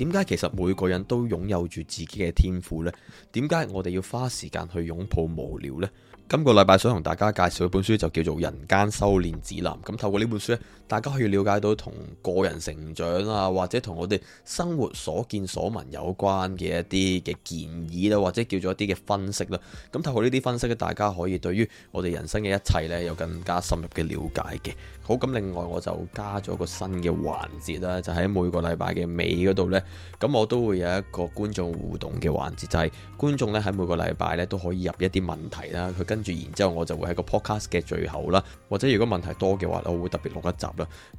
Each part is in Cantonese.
點解其實每個人都擁有住自己嘅天賦呢？點解我哋要花時間去擁抱無聊呢？今個禮拜想同大家介紹一本書，就叫做《人間修煉指南》。咁透過呢本書呢大家可以了解到同個人成長啊，或者同我哋生活所見所聞有關嘅一啲嘅建議啦，或者叫做一啲嘅分析啦。咁透過呢啲分析咧，大家可以對於我哋人生嘅一切咧有更加深入嘅了解嘅。好，咁另外我就加咗個新嘅環節啦，就喺每個禮拜嘅尾嗰度呢。咁我都會有一個觀眾互動嘅環節，就係觀眾咧喺每個禮拜咧都可以入一啲問題啦，佢跟住然之後我就會喺個 podcast 嘅最後啦，或者如果問題多嘅話，我會特別錄一集。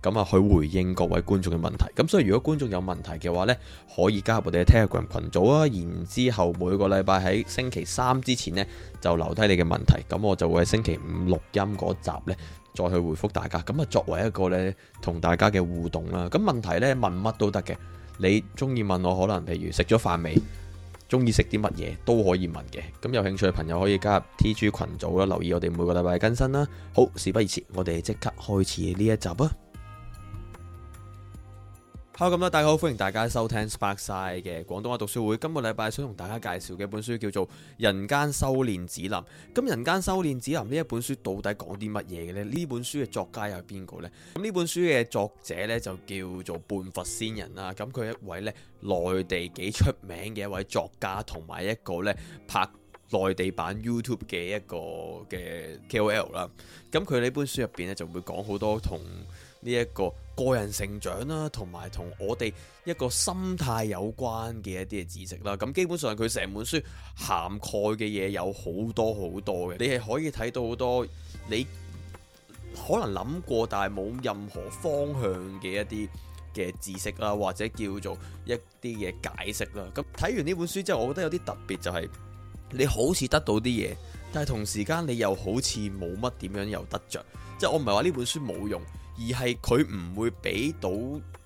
咁啊，去回應各位觀眾嘅問題。咁所以如果觀眾有問題嘅話呢，可以加入我哋嘅 Telegram 群組啊。然之後每個禮拜喺星期三之前呢，就留低你嘅問題。咁我就會喺星期五錄音嗰集呢，再去回覆大家。咁啊，作為一個呢同大家嘅互動啦。咁問題呢，問乜都得嘅，你中意問我，可能譬如食咗飯未？中意食啲乜嘢都可以問嘅，咁有興趣嘅朋友可以加入 TG 群組啦，留意我哋每個禮拜嘅更新啦。好，事不宜遲，我哋即刻開始呢一集啊。好咁多，Hello, 大家好！歡迎大家收聽 Sparkside 嘅廣東話讀書會。今個禮拜想同大家介紹嘅一本書叫做《人間修煉指南》。咁《人間修煉指南》呢一本書到底講啲乜嘢嘅咧？呢本書嘅作家又係邊個呢？咁呢本書嘅作者呢，就叫做半佛仙人啦。咁佢一位咧內地幾出名嘅一位作家，同埋一個咧拍內地版 YouTube 嘅一個嘅 KOL 啦。咁佢呢本書入邊咧就會講好多同呢一個個人成長啦，同埋同我哋一個心態有關嘅一啲嘅知識啦。咁基本上佢成本書涵蓋嘅嘢有好多好多嘅，你係可以睇到好多你可能諗過，但係冇任何方向嘅一啲嘅知識啦，或者叫做一啲嘢解釋啦。咁睇完呢本書之後，我覺得有啲特別就係你好似得到啲嘢，但係同時間你又好似冇乜點樣又得着。即係我唔係話呢本書冇用。而係佢唔會俾到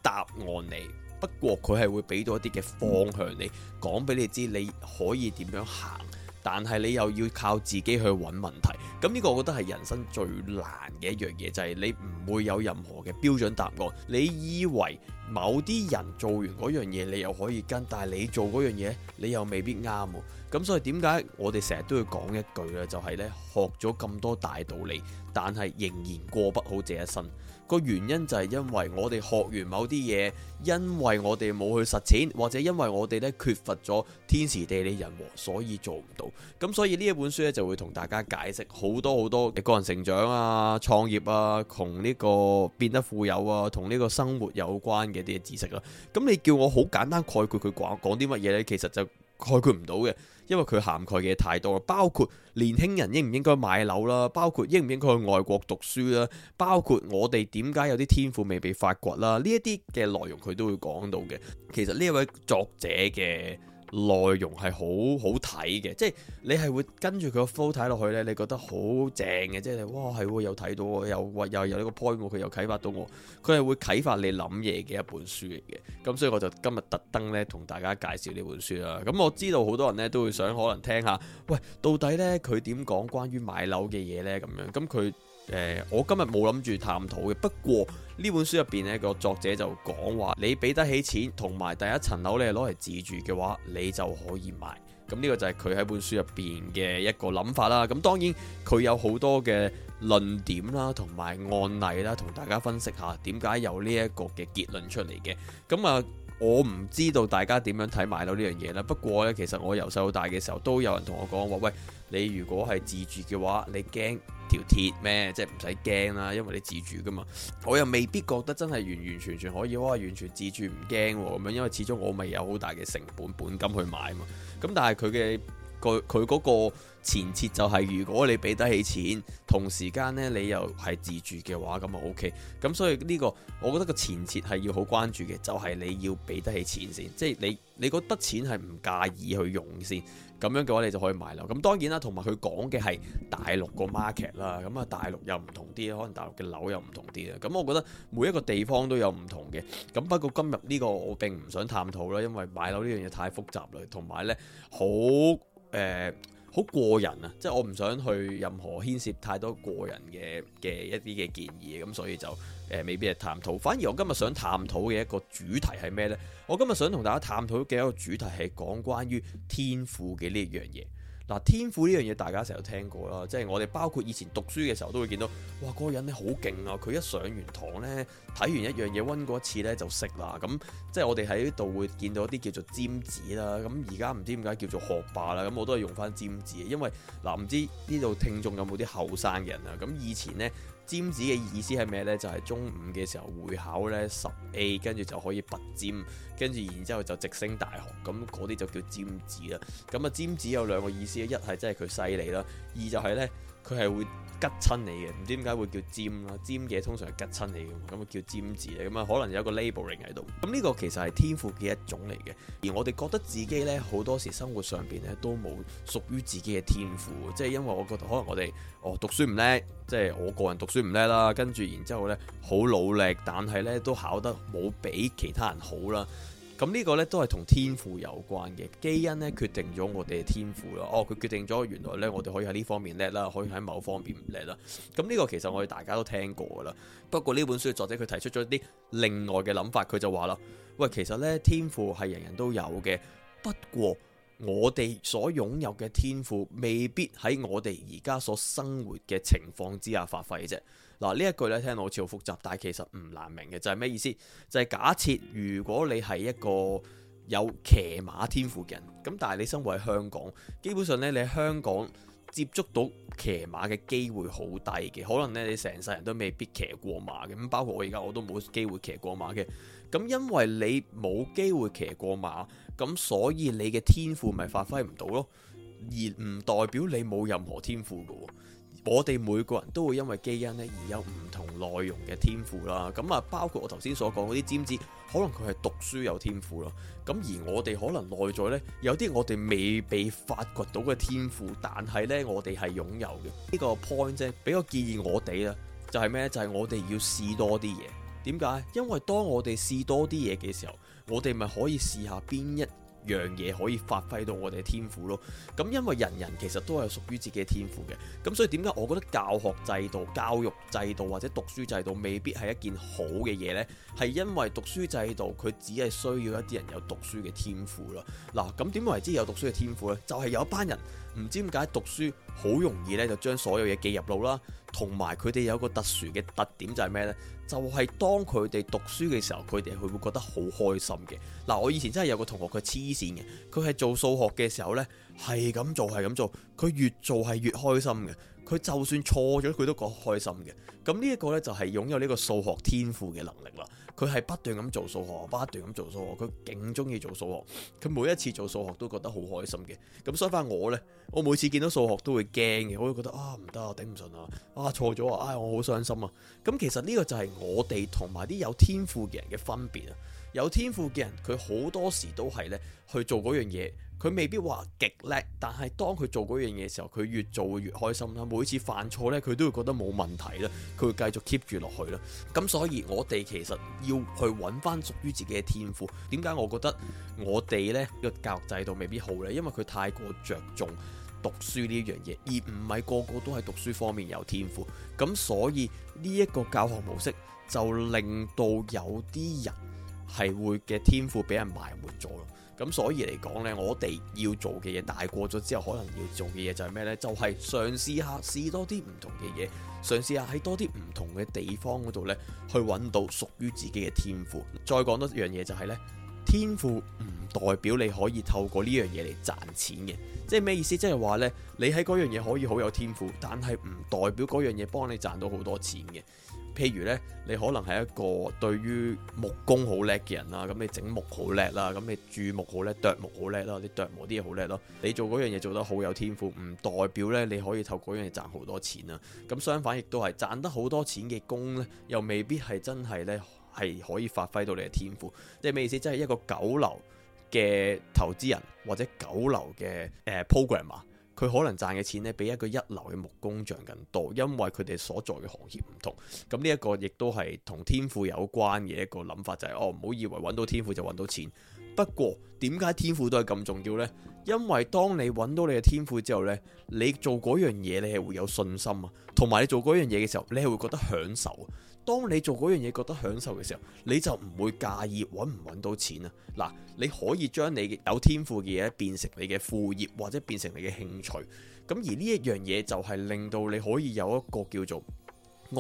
答案你，不過佢係會俾到一啲嘅方向你，講俾你知你可以點樣行，但係你又要靠自己去揾問題。咁呢個我覺得係人生最難嘅一樣嘢，就係、是、你唔會有任何嘅標準答案。你以為某啲人做完嗰樣嘢，你又可以跟，但係你做嗰樣嘢，你又未必啱。咁所以點解我哋成日都要講一句呢，就係、是、呢：學咗咁多大道理，但係仍然過不好這一生。個原因就係因為我哋學完某啲嘢，因為我哋冇去實踐，或者因為我哋咧缺乏咗天時地利人和，所以做唔到。咁所以呢一本書咧就會同大家解釋好多好多嘅個人成長啊、創業啊、同呢個變得富有啊、同呢個生活有關嘅啲知識啦。咁你叫我好簡單概括佢講講啲乜嘢呢？其實就概括唔到嘅。因為佢涵蓋嘅太多啦，包括年輕人應唔應該買樓啦，包括應唔應該去外國讀書啦，包括我哋點解有啲天賦未被發掘啦，呢一啲嘅內容佢都會講到嘅。其實呢位作者嘅。內容係好好睇嘅，即係你係會跟住佢個 flow 睇落去咧，你覺得好正嘅，即係哇係喎，又睇到又又又有呢個 point，佢又啟發到我，佢係會啟發你諗嘢嘅一本書嚟嘅。咁所以我就今日特登呢同大家介紹呢本書啦。咁我知道好多人呢都會想可能聽下，「喂，到底呢？佢點講關於買樓嘅嘢呢？」咁樣咁佢。呃、我今日冇諗住探討嘅。不過呢本書入邊呢個作者就講話，你俾得起錢同埋第一層樓你攞嚟自住嘅話，你就可以買。咁、嗯、呢、這個就係佢喺本書入邊嘅一個諗法啦。咁、嗯、當然佢有好多嘅論點啦，同埋案例啦，同大家分析下點解有呢一個嘅結論出嚟嘅。咁、嗯、啊～、嗯我唔知道大家點樣睇買樓呢樣嘢啦，不過呢，其實我由細到大嘅時候都有人同我講話，喂，你如果係自住嘅話，你驚條鐵咩？即係唔使驚啦，因為你自住噶嘛。我又未必覺得真係完完全全可以，我完全自住唔驚咁樣，因為始終我咪有好大嘅成本本金去買嘛。咁但係佢嘅。佢佢嗰個前設就係如果你俾得起錢，同時間呢，你又係自住嘅話，咁啊 OK。咁所以呢個，我覺得個前設係要好關注嘅，就係你要俾得起錢先，即係你你覺得錢係唔介意去用先，咁樣嘅話你就可以買樓。咁當然啦，同埋佢講嘅係大陸個 market 啦，咁啊大陸又唔同啲，可能大陸嘅樓又唔同啲啊。咁我覺得每一個地方都有唔同嘅。咁不過今日呢個我並唔想探討啦，因為買樓呢樣嘢太複雜啦，同埋呢好。誒好、呃、過人啊，即係我唔想去任何牽涉太多過人嘅嘅一啲嘅建議，咁所以就誒、呃、未必係探討。反而我今日想探討嘅一個主題係咩呢？我今日想同大家探討嘅一個主題係講關於天賦嘅呢樣嘢。嗱，天賦呢樣嘢大家成日都聽過啦，即係我哋包括以前讀書嘅時候都會見到，哇，嗰個人咧好勁啊！佢一上完堂呢，睇完一樣嘢溫過一次呢就識啦。咁即係我哋喺呢度會見到一啲叫做尖子啦。咁而家唔知點解叫做學霸啦。咁我都係用翻尖子，因為嗱，唔知呢度聽眾有冇啲後生人啊？咁以前呢。尖子嘅意思係咩呢？就係、是、中五嘅時候會考呢，十 A，跟住就可以拔尖，跟住然之後就直升大學，咁嗰啲就叫尖子啦。咁、嗯、啊，尖子有兩個意思，一係真係佢犀利啦，二就係呢。佢係會吉親你嘅，唔知點解會叫尖咯。尖嘅通常係吉親你嘅，咁啊叫尖字咧，咁啊可能有一個 labeling 喺度。咁呢個其實係天賦嘅一種嚟嘅，而我哋覺得自己呢，好多時生活上邊呢都冇屬於自己嘅天賦，即係因為我覺得可能我哋哦讀書唔叻，即係我個人讀書唔叻啦，跟住然之後呢，好努力，但係呢都考得冇比其他人好啦。咁呢個呢，都係同天賦有關嘅，基因呢，決定咗我哋嘅天賦啦。哦，佢決定咗，原來呢，我哋可以喺呢方面叻啦，可以喺某方面唔叻啦。咁、這、呢個其實我哋大家都聽過噶啦。不過呢本書作者佢提出咗一啲另外嘅諗法，佢就話啦：喂，其實呢，天賦係人人都有嘅，不過我哋所擁有嘅天賦未必喺我哋而家所生活嘅情況之下發揮嘅啫。嗱，呢一句咧，聽落好似好複雜，但係其實唔難明嘅，就係咩意思？就係假設如果你係一個有騎馬天賦嘅人，咁但係你生活喺香港，基本上咧你喺香港接觸到騎馬嘅機會好低嘅，可能咧你成世人都未必騎過馬嘅，咁包括我而家我都冇機會騎過馬嘅。咁因為你冇機會騎過馬，咁所以你嘅天賦咪發揮唔到咯，而唔代表你冇任何天賦嘅喎。我哋每個人都會因為基因咧而有唔同內容嘅天賦啦，咁啊包括我頭先所講嗰啲尖子，可能佢係讀書有天賦咯，咁而我哋可能內在呢，有啲我哋未被發掘到嘅天賦，但係呢，這個、我哋係擁有嘅呢個 point 啫。比較建議我哋啦，就係、是、咩？就係、是、我哋要試多啲嘢。點解？因為當我哋試多啲嘢嘅時候，我哋咪可以試下邊一樣嘢可以發揮到我哋嘅天賦咯，咁因為人人其實都係屬於自己嘅天賦嘅，咁所以點解我覺得教學制度、教育制度或者讀書制度未必係一件好嘅嘢呢？係因為讀書制度佢只係需要一啲人有讀書嘅天賦咯。嗱，咁點為之有讀書嘅天賦呢？就係有一班人。唔知點解讀書好容易咧，就將所有嘢記入腦啦。同埋佢哋有，有個特殊嘅特點就係咩呢？就係、是、當佢哋讀書嘅時候，佢哋會會覺得好開心嘅。嗱、啊，我以前真係有個同學佢黐線嘅，佢係做數學嘅時候呢，係咁做係咁做，佢越做係越開心嘅，佢就算錯咗佢都覺得開心嘅。咁呢一個呢，就係、是、擁有呢個數學天賦嘅能力啦。佢係不斷咁做數學，不斷咁做數學，佢勁中意做數學，佢每一次做數學都覺得好開心嘅。咁所以翻我呢，我每次見到數學都會驚嘅，我都覺得啊唔得啊，頂唔順啊，啊錯咗啊，唉、啊、我好傷心啊。咁其實呢個就係我哋同埋啲有天賦嘅人嘅分別啊。有天賦嘅人，佢好多時都係呢去做嗰樣嘢。佢未必話極叻，但係當佢做嗰樣嘢嘅時候，佢越做會越開心啦。每次犯錯呢，佢都會覺得冇問題啦，佢會繼續 keep 住落去啦。咁所以我哋其實要去揾翻屬於自己嘅天賦。點解我覺得我哋呢個教育制度未必好呢？因為佢太過着重讀書呢樣嘢，而唔係個個都係讀書方面有天賦。咁所以呢一個教學模式就令到有啲人係會嘅天賦俾人埋沒咗咯。咁所以嚟講呢，我哋要做嘅嘢大過咗之後，可能要做嘅嘢就係咩呢？就係嘗試下試多啲唔同嘅嘢，嘗試下喺多啲唔同嘅地方嗰度呢去揾到屬於自己嘅天賦。再講多一樣嘢就係呢，天賦唔代表你可以透過呢樣嘢嚟賺錢嘅，即係咩意思？即係話呢，你喺嗰樣嘢可以好有天賦，但係唔代表嗰樣嘢幫你賺到好多錢嘅。譬如咧，你可能係一個對於木工好叻嘅人啦，咁你整木好叻啦，咁你注木好叻，啄木好叻啦，你啄磨啲嘢好叻啦，你做嗰樣嘢做得好有天賦，唔代表咧你可以透過嗰樣嘢賺好多錢啊！咁相反亦都係賺得好多錢嘅工咧，又未必係真係咧係可以發揮到你嘅天賦。即係咩意思？即係一個九流嘅投資人或者九流嘅誒 program。m e r 佢可能賺嘅錢咧，比一個一流嘅木工匠更多，因為佢哋所在嘅行業唔同。咁呢一個亦都係同天賦有關嘅一個諗法，就係哦，唔好以為揾到天賦就揾到錢。不過點解天賦都係咁重要呢？因為當你揾到你嘅天賦之後咧，你做嗰樣嘢你係會有信心啊，同埋你做嗰樣嘢嘅時候，你係會覺得享受。當你做嗰樣嘢覺得享受嘅時候，你就唔會介意揾唔揾到錢啊。嗱，你可以將你有天賦嘅嘢變成你嘅副業，或者變成你嘅興趣。咁而呢一樣嘢就係令到你可以有一個叫做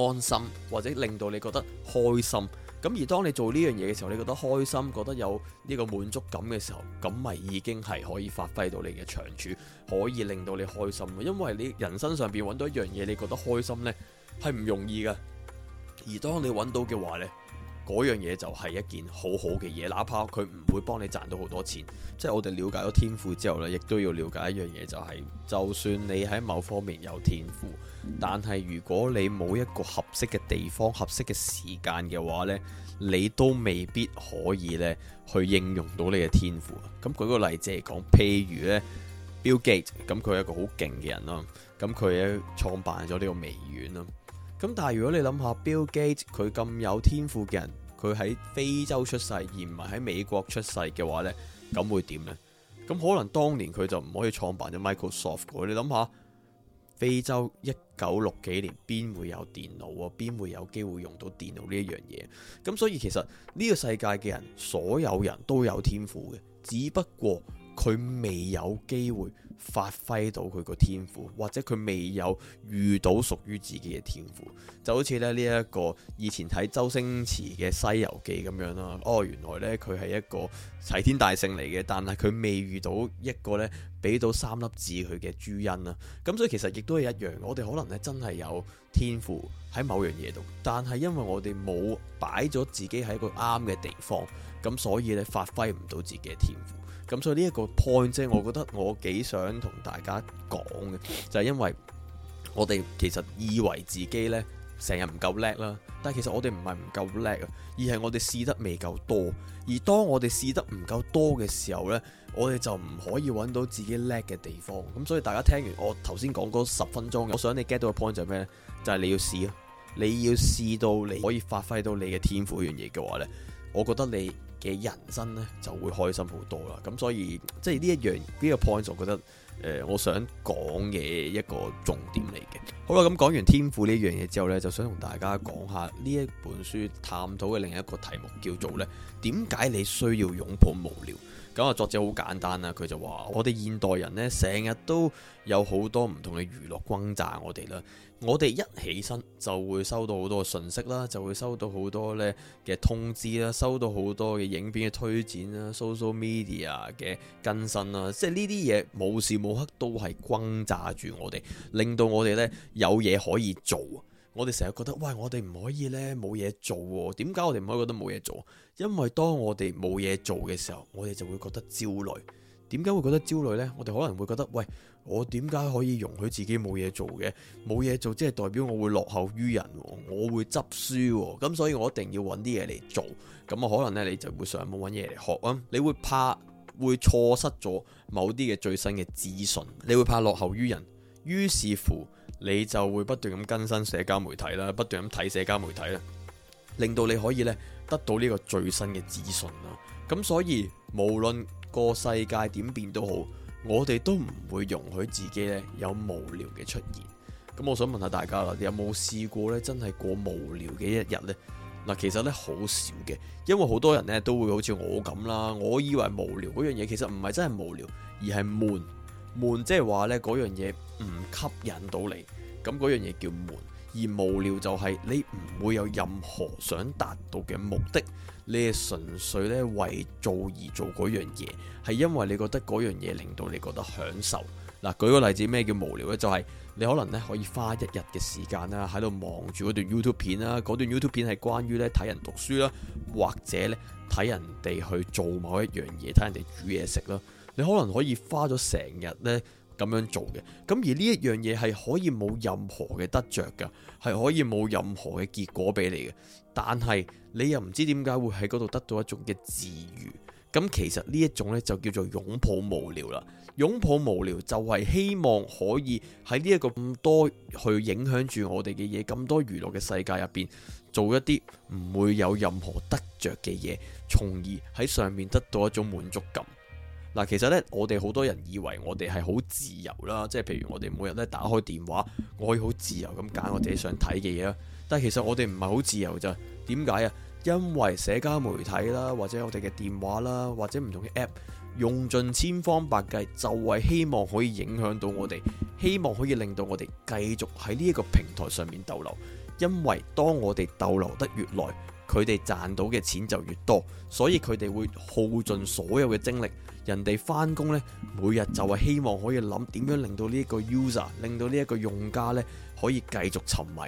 安心，或者令到你覺得開心。咁而當你做呢樣嘢嘅時候，你覺得開心，覺得有呢個滿足感嘅時候，咁咪已經係可以發揮到你嘅長處，可以令到你開心。因為你人生上邊揾到一樣嘢，你覺得開心呢，係唔容易噶。而當你揾到嘅話呢，嗰樣嘢就係一件好好嘅嘢，哪怕佢唔會幫你賺到好多錢。即係我哋了解咗天賦之後呢，亦都要了解一樣嘢，就係就算你喺某方面有天賦，但係如果你冇一個合適嘅地方、合適嘅時間嘅話呢，你都未必可以呢，去應用到你嘅天賦。咁舉個例子嚟講，譬如呢 Bill Gates，咁佢係一個好勁嘅人咯，咁佢喺創辦咗呢個微軟咯。咁但係如果你諗下 Bill Gates 佢咁有天賦嘅人，佢喺非洲出世，而唔係喺美國出世嘅話呢，咁會點呢？咁可能當年佢就唔可以創辦咗 Microsoft。你諗下，非洲一九六幾年邊會有電腦啊？邊會有機會用到電腦呢一樣嘢？咁所以其實呢個世界嘅人，所有人都有天賦嘅，只不過。佢未有機會發揮到佢個天賦，或者佢未有遇到屬於自己嘅天賦，就好似咧呢一個以前睇周星馳嘅《西遊記》咁樣啦。哦，原來呢，佢係一個齊天大聖嚟嘅，但係佢未遇到一個咧俾到三粒痣佢嘅朱茵啊。咁所以其實亦都係一樣，我哋可能咧真係有天賦喺某樣嘢度，但係因為我哋冇擺咗自己喺個啱嘅地方，咁所以咧發揮唔到自己嘅天賦。咁所以呢一個 point 即係，我覺得我幾想同大家講嘅，就係、是、因為我哋其實以為自己呢成日唔夠叻啦，但係其實我哋唔係唔夠叻啊，而係我哋試得未夠多。而當我哋試得唔夠多嘅時候呢，我哋就唔可以揾到自己叻嘅地方。咁所以大家聽完我頭先講嗰十分鐘嘅，我想你 get 到個 point 就係咩呢？就係、是、你要試啊，你要試到你可以發揮到你嘅天賦呢樣嘢嘅話呢，我覺得你。嘅人生咧就會開心好多啦，咁所以即係呢一樣呢個 point，我覺得誒、呃、我想講嘅一個重點嚟嘅。好啦，咁講完天賦呢樣嘢之後呢，就想同大家講下呢一本書探討嘅另一個題目，叫做呢，點解你需要擁抱無聊。咁啊，作者好簡單啦，佢就話我哋現代人呢，成日都有好多唔同嘅娛樂轟炸我哋啦。我哋一起身就會收到好多信息啦，就會收到好多呢嘅通知啦，收到好多嘅影片嘅推薦啦，social media 嘅更新啦，即係呢啲嘢無時無刻都係轟炸住我哋，令到我哋呢，有嘢可以做，我哋成日覺得喂，我哋唔可以呢，冇嘢做喎。點解我哋唔可以覺得冇嘢做？因為當我哋冇嘢做嘅時候，我哋就會覺得焦慮。點解會覺得焦慮呢？我哋可能會覺得喂，我點解可以容許自己冇嘢做嘅？冇嘢做即係代表我會落後於人，我會執輸喎。咁所以，我一定要揾啲嘢嚟做。咁可能呢，你就會上網揾嘢嚟學啊。你會怕會錯失咗某啲嘅最新嘅資訊，你會怕落後於人。於是乎。你就會不斷咁更新社交媒體啦，不斷咁睇社交媒體啦，令到你可以咧得到呢個最新嘅資訊啦。咁所以無論個世界點變都好，我哋都唔會容許自己咧有無聊嘅出現。咁我想問下大家啦，有冇試過咧真係過無聊嘅一日呢？嗱，其實咧好少嘅，因為好多人咧都會好似我咁啦。我以為無聊嗰樣嘢其實唔係真係無聊，而係悶。悶即係話呢嗰樣嘢唔吸引到你，咁嗰樣嘢叫悶。而無聊就係、是、你唔會有任何想達到嘅目的，你係純粹呢為做而做嗰樣嘢，係因為你覺得嗰樣嘢令到你覺得享受。嗱、啊，舉個例子，咩叫無聊呢？就係、是、你可能呢可以花一日嘅時間啦，喺度望住嗰段 YouTube 片啦，嗰段 YouTube 片係關於呢睇人讀書啦，或者呢睇人哋去做某一樣嘢，睇人哋煮嘢食啦。你可能可以花咗成日呢咁樣做嘅，咁而呢一樣嘢，係可以冇任何嘅得着噶係可以冇任何嘅結果俾你嘅。但係你又唔知點解會喺嗰度得到一種嘅治愈。咁其實呢一種呢，就叫做擁抱無聊啦。擁抱無聊就係希望可以喺呢一個咁多去影響住我哋嘅嘢，咁多娛樂嘅世界入邊做一啲唔會有任何得着嘅嘢，從而喺上面得到一種滿足感。嗱，其實咧，我哋好多人以為我哋係好自由啦，即係譬如我哋每日咧打開電話，我可以好自由咁揀我自己想睇嘅嘢啦。但係其實我哋唔係好自由咋，點解啊？因為社交媒體啦，或者我哋嘅電話啦，或者唔同嘅 App，用盡千方百計，就係希望可以影響到我哋，希望可以令到我哋繼續喺呢一個平台上面逗留。因為當我哋逗留得越耐，佢哋賺到嘅錢就越多，所以佢哋會耗盡所有嘅精力。人哋翻工呢，每日就係希望可以諗點樣令到呢一個 user，令到呢一個用家呢可以繼續沉迷。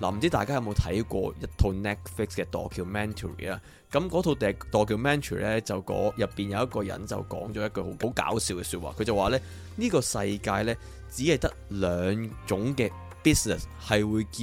嗱、啊，唔知大家有冇睇過一套 Netflix 嘅 documentary 啊？咁套 documentary 呢，那那套呢就嗰入邊有一個人就講咗一句好好搞笑嘅説話，佢就話咧：呢、呢個世界呢，只係得兩種嘅 business 係會叫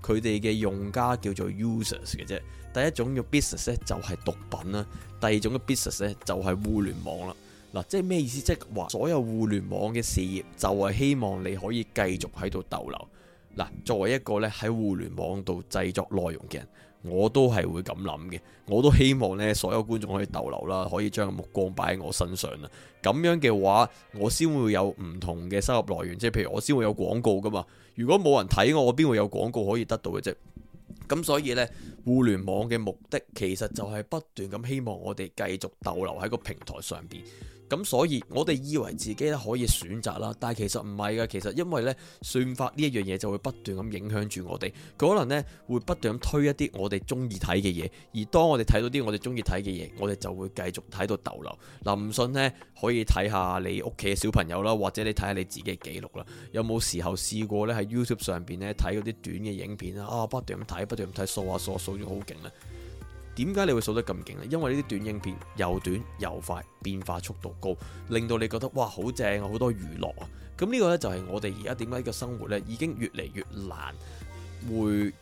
佢哋嘅用家叫做 users 嘅啫。第一種嘅 business 咧，就係毒品啦，第二種嘅 business 咧，就係互聯網啦。嗱，即係咩意思？即係話所有互聯網嘅事業就係希望你可以繼續喺度逗留。嗱，作為一個咧，喺互聯網度製作內容嘅人，我都係會咁諗嘅。我都希望咧，所有觀眾可以逗留啦，可以將目光擺喺我身上啦。咁樣嘅話，我先會有唔同嘅收入來源，即係譬如我先會有廣告噶嘛。如果冇人睇我，我邊會有廣告可以得到嘅啫。咁所以呢，互聯網嘅目的其實就係不斷咁希望我哋繼續逗留喺個平台上邊。咁所以我哋以為自己咧可以選擇啦，但係其實唔係㗎。其實因為呢算法呢一樣嘢就會不斷咁影響住我哋，佢可能呢會不斷咁推一啲我哋中意睇嘅嘢。而當我哋睇到啲我哋中意睇嘅嘢，我哋就會繼續睇到逗留。嗱、啊，唔信呢可以睇下你屋企嘅小朋友啦，或者你睇下你自己嘅記錄啦，有冇時候試過呢？喺 YouTube 上邊呢睇嗰啲短嘅影片啊？啊，不斷咁睇，不斷咁睇，掃下、啊、掃，掃咗好勁啊！點解你會數得咁勁呢？因為呢啲短影片又短又快，變化速度高，令到你覺得哇，好正啊，好多娛樂啊！咁呢個呢，就係我哋而家點解個生活呢已經越嚟越難會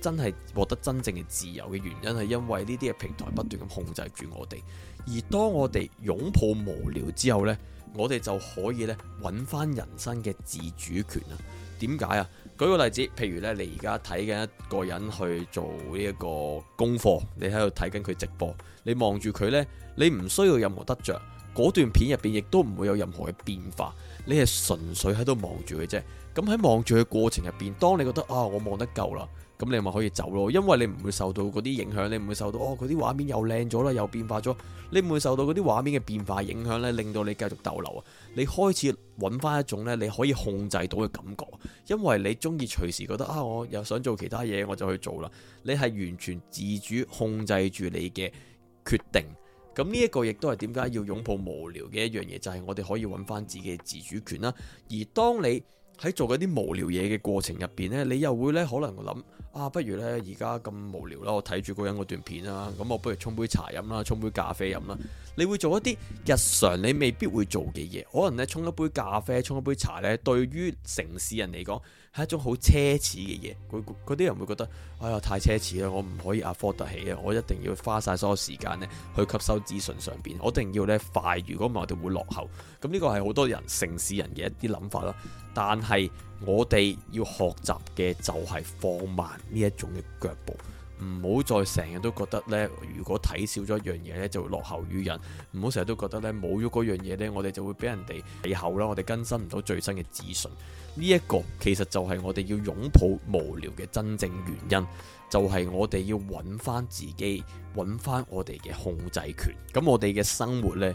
真係獲得真正嘅自由嘅原因，係因為呢啲嘅平台不斷咁控制住我哋。而當我哋擁抱無聊之後呢，我哋就可以呢揾翻人生嘅自主權啊！點解啊？舉個例子，譬如咧，你而家睇緊一個人去做呢一個功課，你喺度睇緊佢直播，你望住佢呢，你唔需要任何得着，嗰段片入邊亦都唔會有任何嘅變化，你係純粹喺度望住佢啫。咁喺望住佢過程入邊，當你覺得啊，我望得夠啦。咁你咪可以走咯，因為你唔會受到嗰啲影響，你唔會受到哦，嗰啲畫面又靚咗啦，又變化咗，你唔會受到嗰啲畫面嘅變化影響咧，令到你繼續逗留啊？你開始揾翻一種咧，你可以控制到嘅感覺，因為你中意隨時覺得啊，我又想做其他嘢，我就去做啦。你係完全自主控制住你嘅決定，咁呢一個亦都係點解要擁抱無聊嘅一樣嘢，就係我哋可以揾翻自己嘅自主權啦。而當你喺做嗰啲無聊嘢嘅過程入邊呢，你又會咧可能諗。啊，不如咧，而家咁無聊啦，我睇住嗰人嗰段片啦，咁我不如沖杯茶飲啦，沖杯咖啡飲啦。你會做一啲日常你未必會做嘅嘢，可能咧沖一杯咖啡、沖一杯茶咧，對於城市人嚟講係一種好奢侈嘅嘢。嗰啲人會覺得，哎呀太奢侈啦，我唔可以 afford 得起啊，我一定要花晒所有時間咧去吸收資訊上邊，我一定要咧快，如果唔係我哋會落後。咁呢個係好多人城市人嘅一啲諗法啦。但係我哋要學習嘅就係放慢呢一種嘅腳步，唔好再成日都覺得呢。如果睇少咗一樣嘢呢，就會落後於人；唔好成日都覺得呢，冇咗嗰樣嘢呢，我哋就會俾人哋以後啦。我哋更新唔到最新嘅資訊，呢一個其實就係我哋要擁抱無聊嘅真正原因，就係我哋要揾翻自己，揾翻我哋嘅控制權。咁我哋嘅生活呢。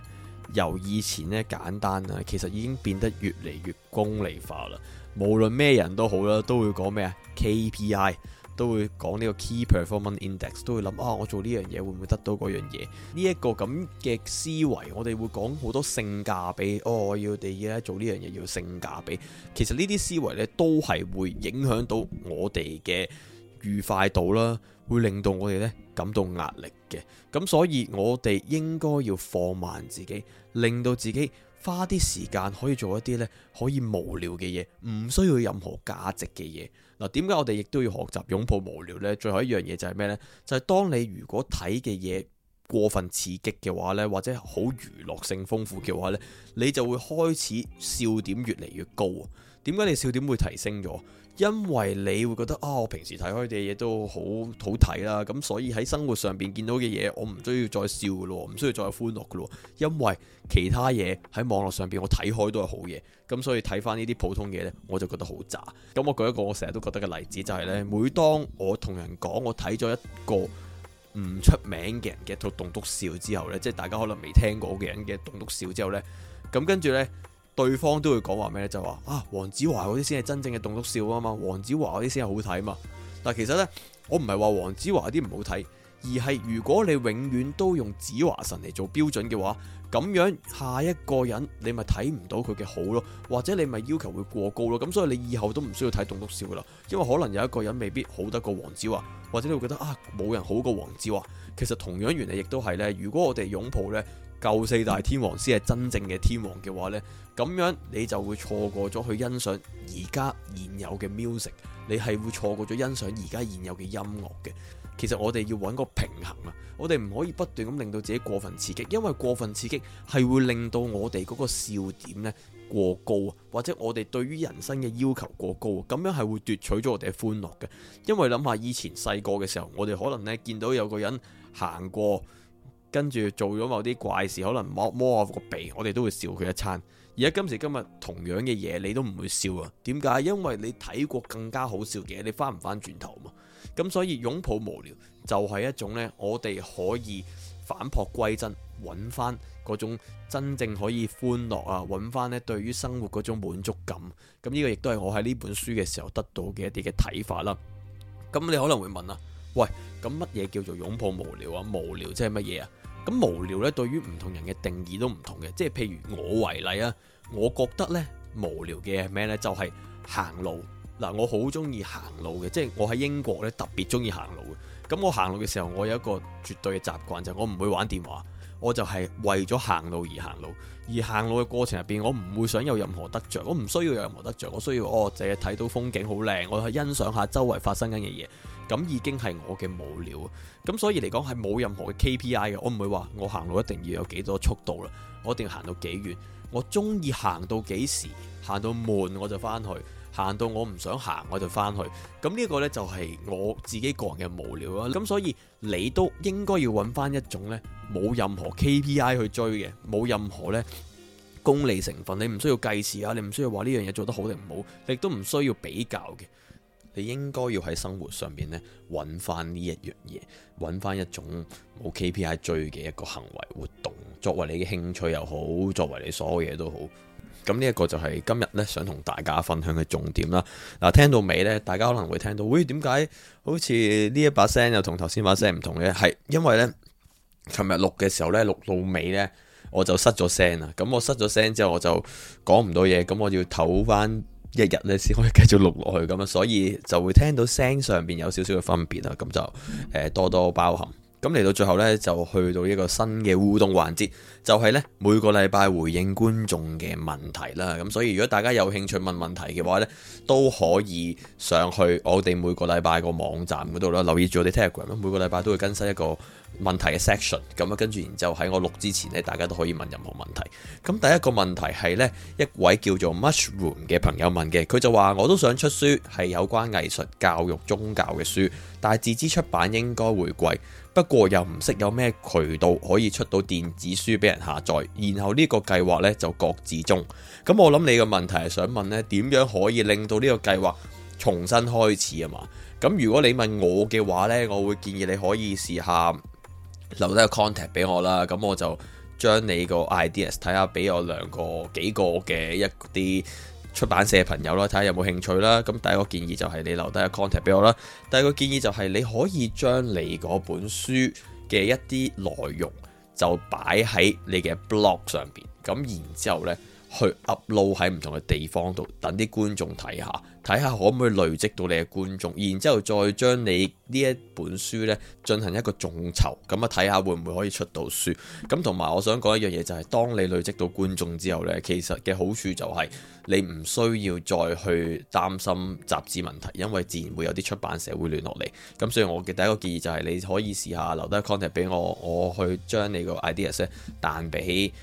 由以前咧簡單啊，其實已經變得越嚟越功利化啦。無論咩人都好啦，都會講咩啊 KPI，都會講呢個 Key Performance Index，都會諗啊，我做呢樣嘢會唔會得到嗰、這個、樣嘢？呢一個咁嘅思維，我哋會講好多性價比。哦，我要哋而家做呢樣嘢要性價比。其實呢啲思維咧，都係會影響到我哋嘅愉快度啦。會令到我哋呢感到壓力嘅，咁所以我哋應該要放慢自己，令到自己花啲時間可以做一啲呢可以無聊嘅嘢，唔需要任何價值嘅嘢。嗱，點解我哋亦都要學習擁抱無聊呢？最後一樣嘢就係咩呢？就係當你如果睇嘅嘢過分刺激嘅話呢，或者好娛樂性豐富嘅話呢，你就會開始笑點越嚟越高。點解你笑點會提升咗？因為你會覺得啊、哦，我平時睇開啲嘅嘢都好好睇啦，咁所以喺生活上邊見到嘅嘢，我唔需要再笑嘅咯，唔需要再有歡樂嘅咯，因為其他嘢喺網絡上邊我睇開都係好嘢，咁所以睇翻呢啲普通嘢呢，我就覺得好渣。咁我舉一個我成日都覺得嘅例子，就係呢：每當我同人講我睇咗一個唔出名嘅人嘅一套棟篤笑之後呢，即係大家可能未聽過嘅人嘅棟篤笑之後呢。咁跟住呢。對方都會講話咩？就話啊，黃子華嗰啲先係真正嘅棟篤笑啊嘛，黃子華嗰啲先係好睇嘛。但其實呢，我唔係話黃子華嗰啲唔好睇，而係如果你永遠都用子華神嚟做標準嘅話，咁樣下一個人你咪睇唔到佢嘅好咯，或者你咪要求會過高咯。咁所以你以後都唔需要睇棟篤笑噶啦，因為可能有一個人未必好得過黃子華，或者你會覺得啊冇人好過黃子華。其實同樣原理亦都係呢：如果我哋擁抱呢。舊四大天王先係真正嘅天王嘅話呢，咁樣你就會錯過咗去欣賞而家現有嘅 music，你係會錯過咗欣賞而家現有嘅音樂嘅。其實我哋要揾個平衡啊，我哋唔可以不斷咁令到自己過分刺激，因為過分刺激係會令到我哋嗰個笑點呢，過高，或者我哋對於人生嘅要求過高，咁樣係會奪取咗我哋嘅歡樂嘅。因為諗下以前細個嘅時候，我哋可能呢，見到有個人行過。跟住做咗某啲怪事，可能摸摸我個鼻，我哋都會笑佢一餐。而家今時今日，同樣嘅嘢，你都唔會笑啊？點解？因為你睇過更加好笑嘅，你翻唔翻轉頭嘛？咁所以擁抱無聊就係一種呢，我哋可以反璞歸真，揾翻嗰種真正可以歡樂啊！揾翻呢對於生活嗰種滿足感。咁呢個亦都係我喺呢本書嘅時候得到嘅一啲嘅睇法啦。咁你可能會問啊，喂，咁乜嘢叫做擁抱無聊啊？無聊即係乜嘢啊？咁無聊咧，對於唔同人嘅定義都唔同嘅，即係譬如我為例啊，我覺得咧無聊嘅係咩呢？就係行路。嗱，我好中意行路嘅，即係我喺英國咧特別中意行路嘅。咁我行路嘅時候，我有一個絕對嘅習慣，就係我唔會玩電話，我就係為咗行路而行路。而行路嘅過程入邊，我唔會想有任何得着，我唔需要有任何得着。我需要哦，淨係睇到風景好靚，我去欣賞下周圍發生緊嘅嘢。咁已經係我嘅無聊，咁所以嚟講係冇任何嘅 KPI 嘅，我唔會話我行路一定要有幾多速度啦，我一定要行到幾遠，我中意行到幾時，行到悶我就翻去，行到我唔想行我就翻去，咁呢個呢就係我自己個人嘅無聊啦。咁所以你都應該要揾翻一種呢冇任何 KPI 去追嘅，冇任何呢功利成分，你唔需要計時啊，你唔需要話呢樣嘢做得好定唔好，你都唔需要比較嘅。你應該要喺生活上面咧，揾翻呢一樣嘢，揾翻一種冇 KPI 追嘅一個行為活動，作為你嘅興趣又好，作為你所有嘢都好。咁呢一個就係今日咧，想同大家分享嘅重點啦。嗱，聽到尾咧，大家可能會聽到，喂、哎，點解好似呢一把聲又同頭先把聲唔同咧？係因為咧，琴日錄嘅時候咧，錄到尾咧，我就失咗聲喇。咁我失咗聲之後，我就講唔到嘢，咁我要唞翻。日日咧，先可以繼續錄落去咁啊，所以就會聽到聲上邊有少少嘅分別喇，咁就誒多多包涵。咁嚟到最後呢，就去到一個新嘅互動環節，就係呢每個禮拜回應觀眾嘅問題啦。咁所以如果大家有興趣問問題嘅話呢都可以上去我哋每個禮拜個網站嗰度啦，留意住我哋 Telegram。每個禮拜都會更新一個問題嘅 section。咁啊，跟住然之後喺我錄之前呢，大家都可以問任何問題。咁第一個問題係呢一位叫做 Muchroom 嘅朋友問嘅，佢就話我都想出書係有關藝術教育宗教嘅書，但係自知出版應該會貴。不過又唔識有咩渠道可以出到電子書俾人下載，然後呢個計劃呢就擱置中。咁我諗你個問題係想問呢點樣可以令到呢個計劃重新開始啊嘛？咁如果你問我嘅話呢，我會建議你可以試下留低個 contact 俾我啦。咁我就將你 ide 看看個 ideas 睇下俾我兩個幾個嘅一啲出版社嘅朋友啦，睇下有冇興趣啦。咁第一個建議就係你留低個 contact 俾我啦。第二個建議就係你可以將你嗰本書嘅一啲內容就擺喺你嘅 blog 上邊。咁然之後呢。去 upload 喺唔同嘅地方度，等啲觀眾睇下，睇下可唔可以累積到你嘅觀眾，然之後再將你呢一本書咧進行一個眾籌，咁啊睇下會唔會可以出到書。咁同埋我想講一樣嘢就係，當你累積到觀眾之後呢，其實嘅好處就係你唔需要再去擔心雜誌問題，因為自然會有啲出版社會聯絡你。咁所以，我嘅第一個建議就係你可以試下留低 contact 俾我，我去將你個 ideas 咧彈俾。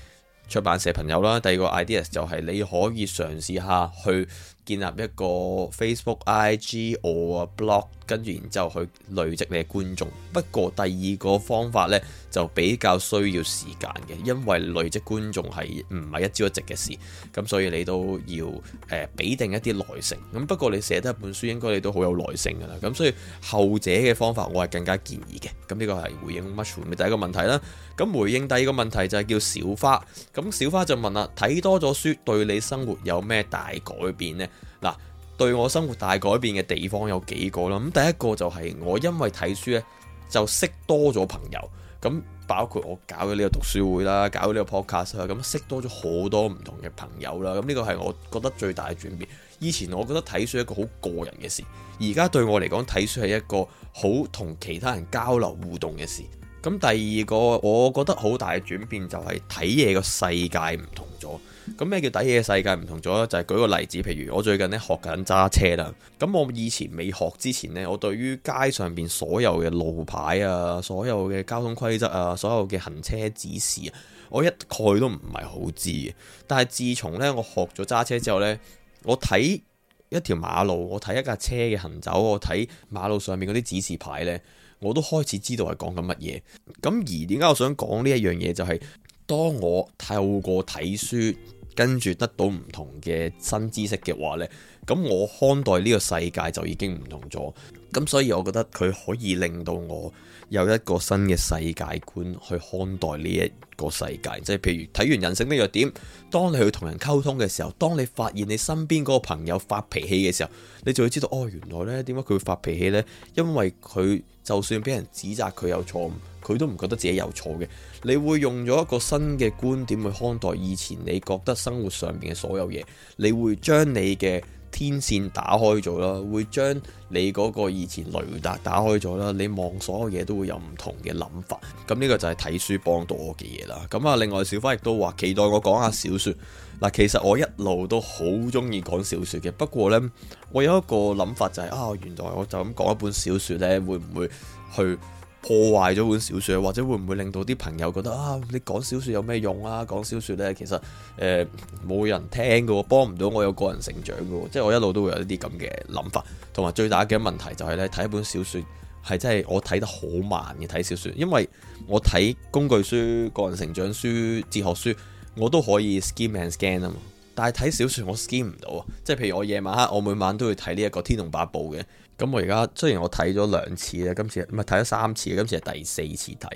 出版社朋友啦，第二個 ideas 就係你可以嘗試下去。建立一個 Facebook、IG 或 blog，跟住然之後去累積你嘅觀眾。不過第二個方法呢，就比較需要時間嘅，因為累積觀眾係唔係一朝一夕嘅事。咁所以你都要誒、呃、俾定一啲耐性。咁不過你寫得一本書，應該你都好有耐性㗎啦。咁所以後者嘅方法我係更加建議嘅。咁呢個係回應 Much 嘅第一個問題啦。咁回應第二個問題就係叫小花。咁小花就問啦：睇多咗書對你生活有咩大改變呢？嗱，對我生活大改變嘅地方有幾個啦。咁第一個就係我因為睇書咧，就識多咗朋友。咁包括我搞咗呢個讀書會啦，搞呢個 podcast 啦，咁識多咗好多唔同嘅朋友啦。咁、這、呢個係我覺得最大嘅轉變。以前我覺得睇書係一個好個人嘅事，而家對我嚟講，睇書係一個好同其他人交流互動嘅事。咁第二個我覺得好大嘅轉變就係睇嘢個世界唔同咗。咁咩叫睇嘢嘅世界唔同咗呢？就係、是、舉個例子，譬如我最近呢學緊揸車啦。咁我以前未學之前呢，我對於街上邊所有嘅路牌啊，所有嘅交通規則啊，所有嘅行車指示啊，我一概都唔係好知。但係自從呢，我學咗揸車之後呢，我睇一條馬路，我睇一架車嘅行走，我睇馬路上面嗰啲指示牌呢，我都開始知道係講緊乜嘢。咁而點解我想講呢一樣嘢、就是，就係當我透過睇書。跟住得到唔同嘅新知識嘅話呢，咁我看待呢個世界就已經唔同咗。咁所以我覺得佢可以令到我有一個新嘅世界觀去看待呢一個世界。即係譬如睇完人性的弱點，當你去同人溝通嘅時候，當你發現你身邊嗰個朋友發脾氣嘅時候，你就會知道哦，原來呢點解佢會發脾氣呢？因為佢就算俾人指責佢有錯誤。佢都唔覺得自己有錯嘅，你會用咗一個新嘅觀點去看待以前你覺得生活上面嘅所有嘢，你會將你嘅天線打開咗啦，會將你嗰個以前雷達打開咗啦，你望所有嘢都會有唔同嘅諗法。咁呢個就係睇書幫到我嘅嘢啦。咁啊，另外小花亦都話期待我講下小説。嗱，其實我一路都好中意講小説嘅，不過呢，我有一個諗法就係、係、啊，原來我就咁講一本小説呢，會唔會去，破壞咗本小說，或者會唔會令到啲朋友覺得啊？你講小說有咩用啊？講小說呢，其實誒冇、呃、人聽噶，幫唔到我有個人成長噶，即係我一路都會有一啲咁嘅諗法。同埋最大嘅問題就係、是、咧，睇一本小說係真係我睇得好慢嘅。睇小說，因為我睇工具書、個人成長書、哲學書，我都可以 skim and scan 啊嘛。但係睇小說我 skim 唔到，啊。即係譬如我夜晚黑我每晚都會睇呢一個《天龍八部》嘅，咁我而家雖然我睇咗兩次咧，今次唔係睇咗三次，今次係第四次睇，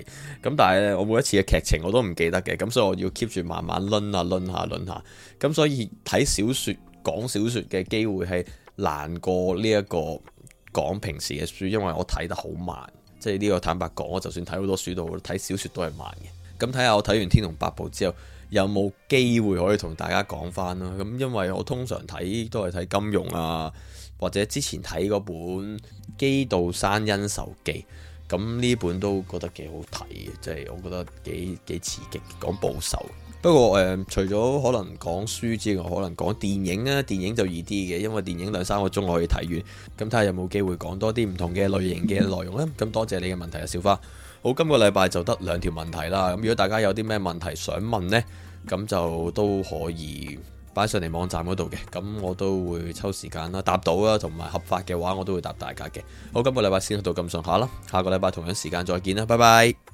咁但係咧我每一次嘅劇情我都唔記得嘅，咁所以我要 keep 住慢慢掄下掄下掄下，咁所以睇小說講小說嘅機會係難過呢一個講平時嘅書，因為我睇得好慢，即係呢個坦白講，我就算睇好多書都好，睇小說都係慢嘅，咁睇下我睇完《天龍八部》之後。有冇機會可以同大家講翻咯？咁因為我通常睇都係睇金庸啊，或者之前睇嗰本《基度山恩仇記》，咁呢本都覺得幾好睇嘅，即係我覺得幾幾刺激，講報仇。不過誒、呃，除咗可能講書之外，可能講電影啊，電影就易啲嘅，因為電影兩三個鐘可以睇完。咁睇下有冇機會講多啲唔同嘅類型嘅內容啦。咁多謝你嘅問題啊，小花。好，今個禮拜就得兩條問題啦。咁如果大家有啲咩問題想問呢，咁就都可以擺上嚟網站嗰度嘅。咁我都會抽時間啦，答到啦，同埋合法嘅話，我都會答大家嘅。好，今個禮拜先到咁上下啦，下個禮拜同樣時間再見啦，拜拜。